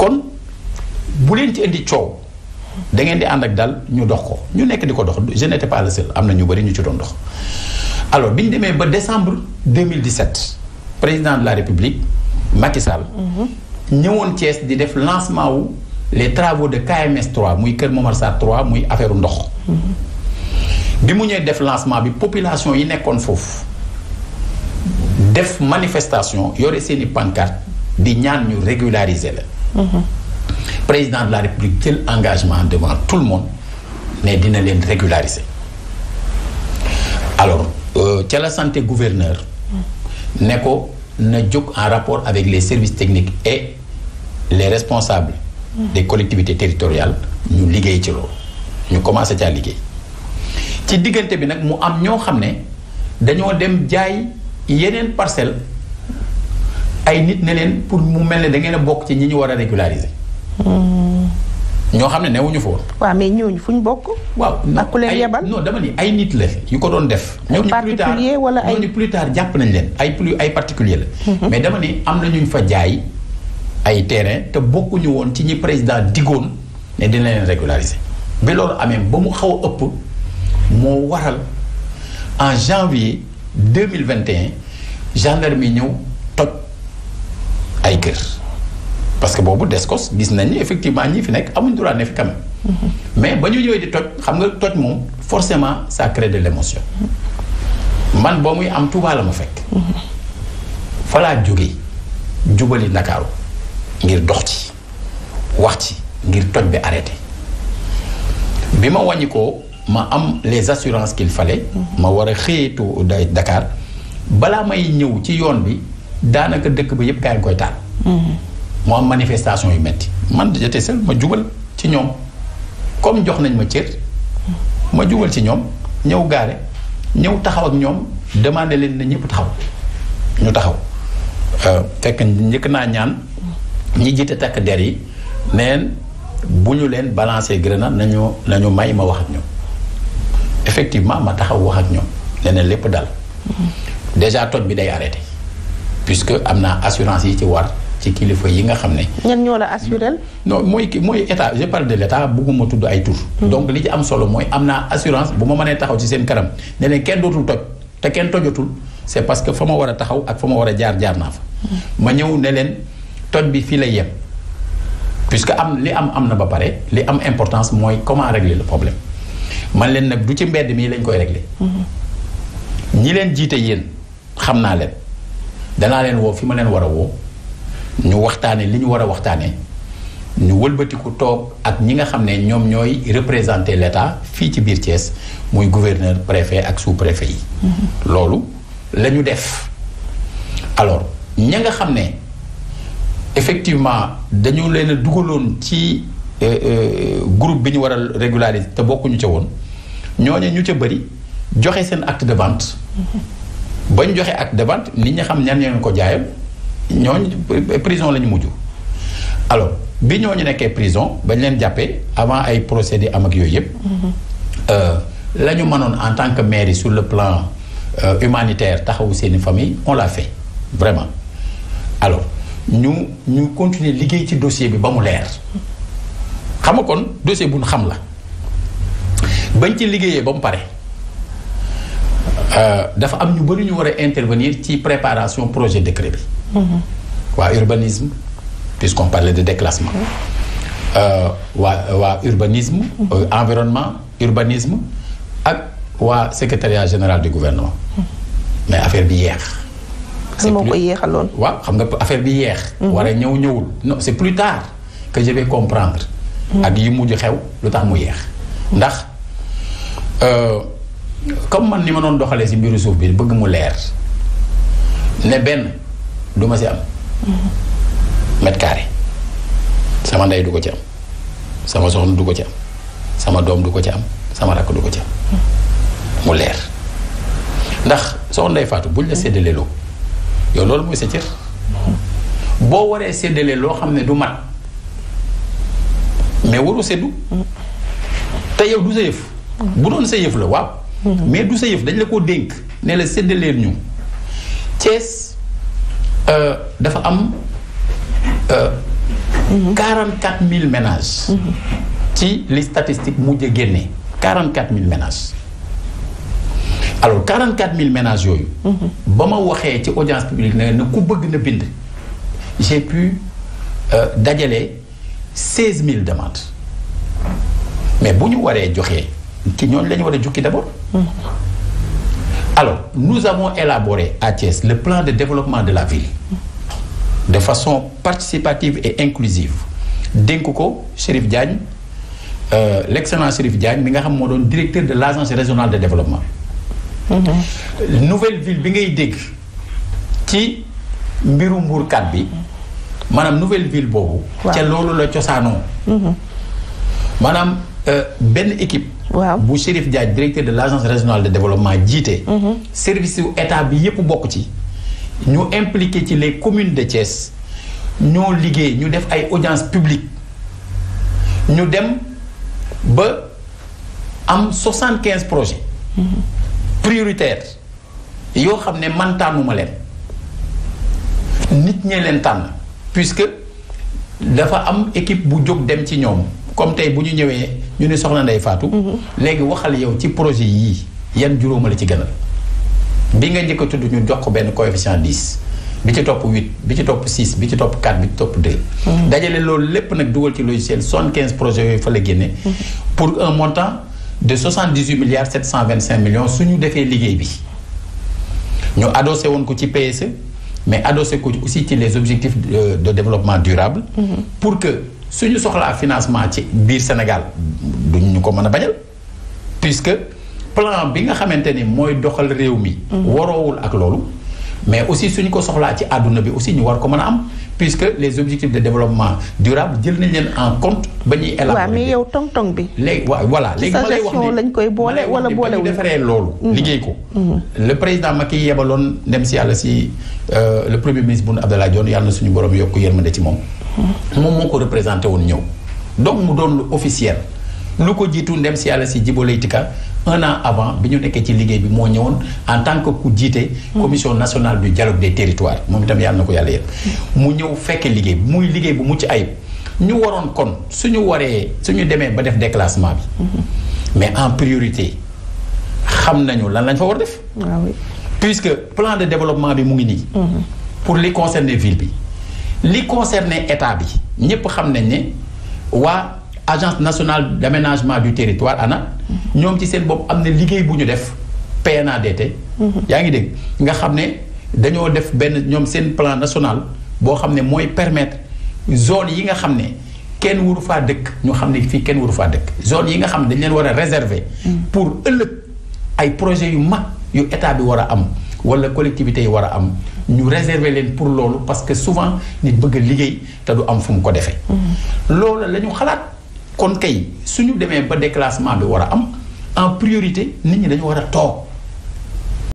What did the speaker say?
kon bu leen ci indi coow da ngeen di ànd ak dal ñu dox ko ñu nekk di ko dox je n'étais pas le seul am na ñu bari ñu ci doon dox. alors bi ñu demee ba décembre 2017 président de la république Macky Sall. ñëwoon Thiès di def lancement wu les travaux de KMS trois muy Kër Momar Sarr 3 muy affaire ndox. bi mu ñëwee def lancement bi population yi nekkoon foofu def manifestation yore seeni pancarte di ñaan ñu régulariser la. Mm-hmm. président de la république jël engagement devant tout le monde ne dina leen régulariser alors euh, ca la santé gouverneur mm. ne ko na jóg en rapport avec les services techniques et les responsables mm. des collectivités territoriales ñu liggéey ci loolu ñu commencé caa liggéey ci diggante bi nag mu am ñoo xam ne dañoo dem jaay yeneen parcelle ay nit ne leen pour mu mel ne da ngeen a bokk ci ñi ñu war a régulariser. ñoo xam ne newuñu foofu. waaw mais ñu fu ñu bokk. waaw ak ku leen yebal non dama ni ay nit la yu ko doon def. ay particulier wala ay ñooñu plus tard jàpp nañ leen ay plus ay particulier la. Mhm. mais dama ni am na ñu fa jaay ay terrain te bokkuñu woon ci ñi président digoon ne dina leen régulariser. bi loolu amee ba mu xaw a ëpp moo waral en janvier deux mille vingt et un gendarme ñëw. ay kër parce que boobu des descos gis nañ ni effectivement ñi fi nekk amuñ droit ne fi quand mais ba ñu ñëwee di toj xam nga toj moom forcément ça crée de l'émotion man boo muy am Touba la ma fekk fa jóge jubali Ndakaaru ngir dox ci wax ci ngir toj bi arrêté bi ma wàññi ko ma am les assurances qu'il fallait ma war a xëyee Dakar balaa may ñëw ci yoon bi daanaka dëkk ba yëpp gaa yi koy taal. mu mm-hmm. am manifestation yu metti man j'étais seul ma jugal ci ñoom comme jox nañ ma cër ma jugal ci ñoom ñëw gaare ñëw taxaw ak ñoom demandé leen na ñëpp taxaw ñu taxaw euh, fekk njëkk naa ñaan ñi jiite takk der yi neen bu ñu leen balancé grenade nañu nañu may ma wax ak ñoom effectivement ma taxaw wax ak ñoom leneen lépp dal mm-hmm. déjà toj bi day arrêté puisque am naa assurance yi ci war ci kilifa yi nga xam ne. ñenn ñoo la assurel. non mooy mooy état je de l' état tudd ay tur. Hmm. donc li ci am solo mooy am naa assurance bu ma mënee taxaw ci seen kanam ne leen kenn dootul toj te kenn tojatul c' est parce que fa ma war a taxaw ak fa ma war a jaar jaar naa fa. Hmm. ma ñëw ne leen toj bi fii lay yem. puisque am li am am na ba pare li am importance mooy comment régler le problème man leen nag du ci mbedd mi lañ koy régler. Hmm. danaa leen woo fi ma leen war a woo ñu waxtaane li ñu war a waxtaane ñu wëlbatiku toog ak ñi nga xam ne ñoom ñooy représenter l'État fii ci biir Thiès muy gouverneur préfet ak sous-préfet yi mm-hmm. loolu la ñu def alors ña nga xam ne effectivement dañu leen a dugaloon ci euh, euh, groupe bi ñu war a régulariser te bokkuñu ca woon ñooñu ñu ca bëri joxe seen acte de vente mm-hmm. ba joxe acte de vente nit ñi xam ñan ñoo ko jaayam ñooñu prison lañu ñu mujj alors bi ñu nekkee prison bañ leen jàppee avant ay procédé am ak yooyu yëpp. Mm-hmm. Euh, la ñu mënoon en tant que mairie sur le plan euh, humanitaire taxawu seeni famille on l'a fait vraiment alors ñu ñu continuer liggéey ci dossier bi ba mu leer xam nga kon dossier bu ñu xam la bañ ci liggéeyee ba mu pare. Euh, dafa am ñu bëri ñu war a intervenir ci préparation projet décret bi. Mm-hmm. waa urbanisme puisqu'on parlait de déclassement. Euh, waa waa urbanisme. Mm-hmm. Euh, environnement urbanisme ak waa secrétariat général du gouvernement. Mm-hmm. mais affaire bi yeex. c'est moo ko yéexaloon. waaw xam nga affaire bi yeex. war ñëw ñëwul non c'est plus tard que je comprendre. ak yu mujj xew lu tax mu yeex ndax. comme man ni ma doon doxalee si mbiru suuf bi bëgg mu leer ne benn du ma si am. mètre carré sama ndey du ko ci am sama soxna du ko ci am sama doom du ko ci am sama rakk du ko ci am. mu leer ndax soxna Ndeye Fatou buñ la séddalee loo yow loolu mooy sa cër boo waree séddalee loo xam ne du mat mais waru séddu te yow du sa yëf. bu doon sa yëf la waaw. mais du sa yëf dañ la ko dénk ne la séddaleen ñu Thiès euh, dafa am euh, quarante quatre mille ménage ci li statistique mujj génne quarante quatre mille ménage alors quarante quatre mille ménages yooyu ba ma waxee ci audience publique na na ku bëgg na bind je pu euh, dajale seize mille demandes mais bu ñu waree joxee ci ñooñu la war a jukki d' abord. alors nous avons élaboré à Thiès le plan de développement de la ville de façon participative et inclusive dénk ko Chérif Diagne euh, l' excellent Chérif Diagne mi nga xam moo doon directeur de l' agence régionale de développement. Mhm. nouvelle ville bi ngay dégg ci mbiru mbuurkat bi maanaam nouvelle ville boobu. ca loolu la cosaanoo. Mhm. maanaam. Euh, benn équipe. waaw bu Chérif Diagne directeur de l' agence régionale de développement jiite. Mm-hmm. service yu état bi yëpp bokk ci. ñu impliqué ci les communes de Thiès ñoo liggéey ñu def ay audience publique ñu dem ba am soixante quinze projets. Mm-hmm. prioritaires yoo xam ne man tànnuma leen nit ñee leen tànn puisque dafa am équipe bu jóg dem ci ñoom. comme tey bu ñu ñëwee ñu ne soxna Ndeye Fatou. léegi waxal yow ci projet yii yan juróoma la ci gënal. bi nga njëkk a tudd ñu jox ko benn coefficient 10 bi ci topp 8 bi ci topp 6 bi ci topp 4 bi ci topp 2. dajale loolu lépp nag dugal ci logiciel 75 projets yooyu fa la génne. pour un montant de 78 milliards 725 millions suñu defee liggéey bi. ñu adossé woon ko ci PSE mais adossé ko aussi ci les objectifs développement durable. suñu soxlaa financement ci biir Sénégal duñ ñu ko mën a bañal puisque plan bi nga xamante ni mooy doxal réew mi mm-hmm. waroowul ak loolu mais aussi suñu ko soxlaa ci àdduna bi aussi ñu war ko mën a am puisque les objectifs de développement durable jël nañ leen en compte ba ñuy élaborer waaw mais yow tong-tong bi léegi waaw voilà léegi ma wax ni lañ koy boole wala boolewul defaree loolu mm-hmm. liggéey ko mm-hmm. le président Macky yebaloon dem si yàlla si euh, le premier ministre Boun Abdallah Dionne yàlla na suñu borom yokk yërmande ci moom mm-hmm. moom moo ko représenté woon ñëw donc mu doon lu officiel lu ko jiitu ndem si yàlla si Djibo Leyti Ka un an avant bi ñu nekkee ci liggéey bi moo ñëwoon en tant que ku jiite. commission nationale du dialogue de territoires moom itam yàlla na ko yàlla yëpp. mu ñëw fekkee liggéey bi muy liggéey bu mucc ayib ñu waroon kon suñu waree suñu demee ba def déclassement bi. mais en priorité xam nañu lan lañ fa war def. waaw ah puisque plan de développement bi mu ngi nii. Mm-hmm. pour li concerner ville bi. li concerner état bi ñëpp xam nañ ne waa agence nationale d' du territoire ANAT. ñoom ci seen bopp am na liggéey bu ñu def PNADT yaa ngi dégg nga xam ne dañoo def benn ñoom seen plan national boo xam ne mooy permettre zone yi nga xam ne kenn waru faa dëkk ñu xam ne fii kenn waru faa dëkk zone yi nga xam ne dañ leen war a réserver pour ëllëg ay projets yu mag yu état bi war a am wala collectivité yi war a am ñu réserver leen pour loolu parce que souvent nit bëgg a liggéey te du am fu mu ko defee mm-hmm. loolu la xalaat kon kay suñu demee ba déclassement bi war a am en priorité nit ñi dañu war a toog